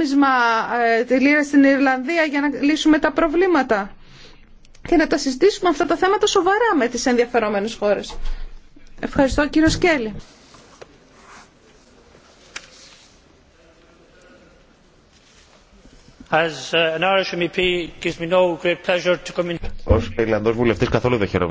νόμισμα ε, τη Λύρα στην Ιρλανδία για να λύσουμε τα προβλήματα και να τα συζητήσουμε αυτά τα θέματα σοβαρά με τις ενδιαφερόμενες χώρες. Ευχαριστώ κύριο Σκέλη. Ως Ιρλανδός βουλευτής καθόλου δεν χαίρομαι